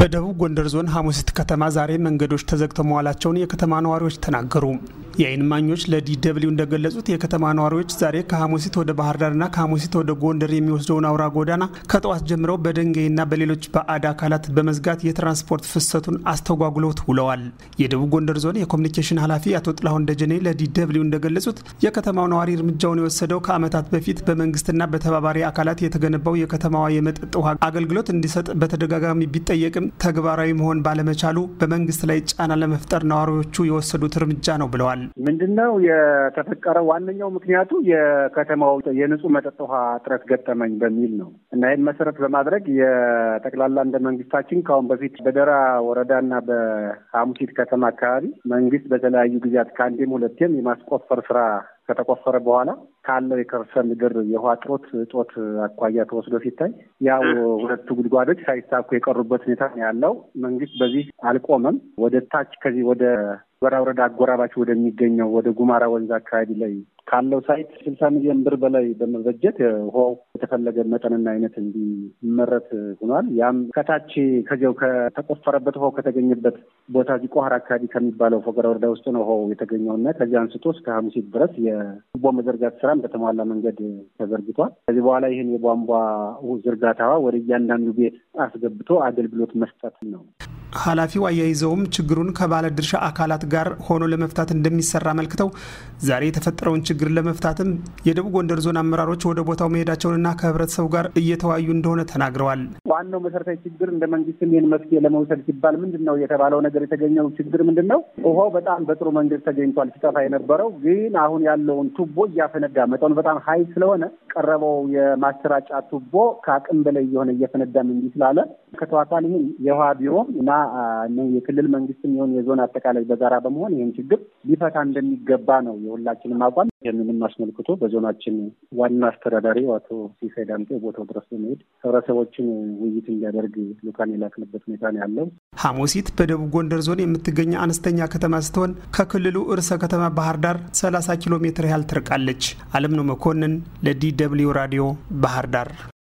በደቡብ ጎንደር ዞን ሐሙሲት ከተማ ዛሬ መንገዶች ተዘግተው መዋላቸውን የከተማ ነዋሪዎች ተናገሩ። የአይን ማኞች ለዲደብሊው እንደገለጹት የከተማ ነዋሪዎች ዛሬ ከሐሙሲት ወደ ባህር ዳርና ከሐሙሲት ወደ ጎንደር የሚወስደውን አውራ ጎዳና ከጠዋት ጀምረው በድንጋይና በሌሎች ባዕድ አካላት በመዝጋት የትራንስፖርት ፍሰቱን አስተጓጉለውት ውለዋል። የደቡብ ጎንደር ዞን የኮሚኒኬሽን ኃላፊ አቶ ጥላሁን ደጀኔ ለዲደብሊው እንደገለጹት የከተማው ነዋሪ እርምጃውን የወሰደው ከዓመታት በፊት በመንግስትና በተባባሪ አካላት የተገነባው የከተማዋ የመጠጥ ውሃ አገልግሎት እንዲሰጥ በተደጋጋሚ ቢጠየቅም ተግባራዊ መሆን ባለመቻሉ በመንግስት ላይ ጫና ለመፍጠር ነዋሪዎቹ የወሰዱት እርምጃ ነው ብለዋል። ምንድነው የተፈቀረው ዋነኛው ምክንያቱ የከተማው የንጹህ መጠጥ ውሃ እጥረት ገጠመኝ በሚል ነው እና ይህን መሰረት በማድረግ የጠቅላላ እንደ መንግስታችን ከአሁን በፊት በደራ ወረዳና በሐሙሲት ከተማ አካባቢ መንግስት በተለያዩ ጊዜያት ከአንዴም ሁለቴም የማስቆፈር ስራ ከተቆፈረ በኋላ ካለው የከርሰ ምድር የውሃ ጥሮት እጦት አኳያ ተወስዶ ሲታይ ያው ሁለቱ ጉድጓዶች ሳይሳኩ የቀሩበት ሁኔታ ነው ያለው። መንግስት በዚህ አልቆመም። ወደ ታች ከዚህ ወደ ወራ ወረዳ አጎራባች ወደሚገኘው ወደ ጉማራ ወንዝ አካባቢ ላይ ካለው ሳይት ስልሳ ሚሊዮን ብር በላይ በመበጀት ውሃው የተፈለገ መጠንና አይነት እንዲመረት ሆኗል። ያም ከታች ከዚያው ከተቆፈረበት ውሃው ከተገኘበት ቦታ ቆሀር አካባቢ ከሚባለው ፎገራ ወረዳ ውስጥ ነው ውሃው የተገኘውና ከዚህ አንስቶ እስከ ሀሙሲት ድረስ የቧንቧ መዘርጋት ስራም በተሟላ መንገድ ተዘርግቷል። ከዚህ በኋላ ይህን የቧንቧ ዝርጋታዋ ወደ እያንዳንዱ ቤት አስገብቶ አገልግሎት መስጠት ነው። ኃላፊው አያይዘውም ችግሩን ከባለ ድርሻ አካላት ጋር ሆኖ ለመፍታት እንደሚሰራ አመልክተው ዛሬ የተፈጠረውን ችግር ለመፍታትም የደቡብ ጎንደር ዞን አመራሮች ወደ ቦታው መሄዳቸውንና ከህብረተሰቡ ጋር እየተወያዩ እንደሆነ ተናግረዋል። ዋናው መሰረታዊ ችግር እንደ መንግስትም ይህን መፍትሄ ለመውሰድ ሲባል ምንድን ነው የተባለው ነገር የተገኘው ችግር ምንድን ነው? ውሃው በጣም በጥሩ መንገድ ተገኝቷል። ሲጠፋ የነበረው ግን አሁን ያለውን ቱቦ እያፈነዳ መጠኑ በጣም ሀይ ስለሆነ ቀረበው የማሰራጫ ቱቦ ከአቅም በላይ የሆነ እየፈነዳም እንዲህ ስላለ የሚመለከተው አካል ይህን የውሃ ቢሮ እና የክልል መንግስትም ይሁን የዞን አጠቃላይ በጋራ በመሆን ይህን ችግር ሊፈታ እንደሚገባ ነው የሁላችንም አቋም። ይህንንም አስመልክቶ በዞናችን ዋና አስተዳዳሪ አቶ ሲሳይ ዳምጤ ቦታው ድረስ በመሄድ ህብረተሰቦችን ውይይት እንዲያደርግ ልኡካን የላክንበት ሁኔታ ነው ያለው። ሐሙሲት በደቡብ ጎንደር ዞን የምትገኝ አነስተኛ ከተማ ስትሆን ከክልሉ እርሰ ከተማ ባህር ዳር 30 ኪሎ ሜትር ያህል ትርቃለች። አለምነው መኮንን ለዲ ደብልዩ ራዲዮ ባህር ዳር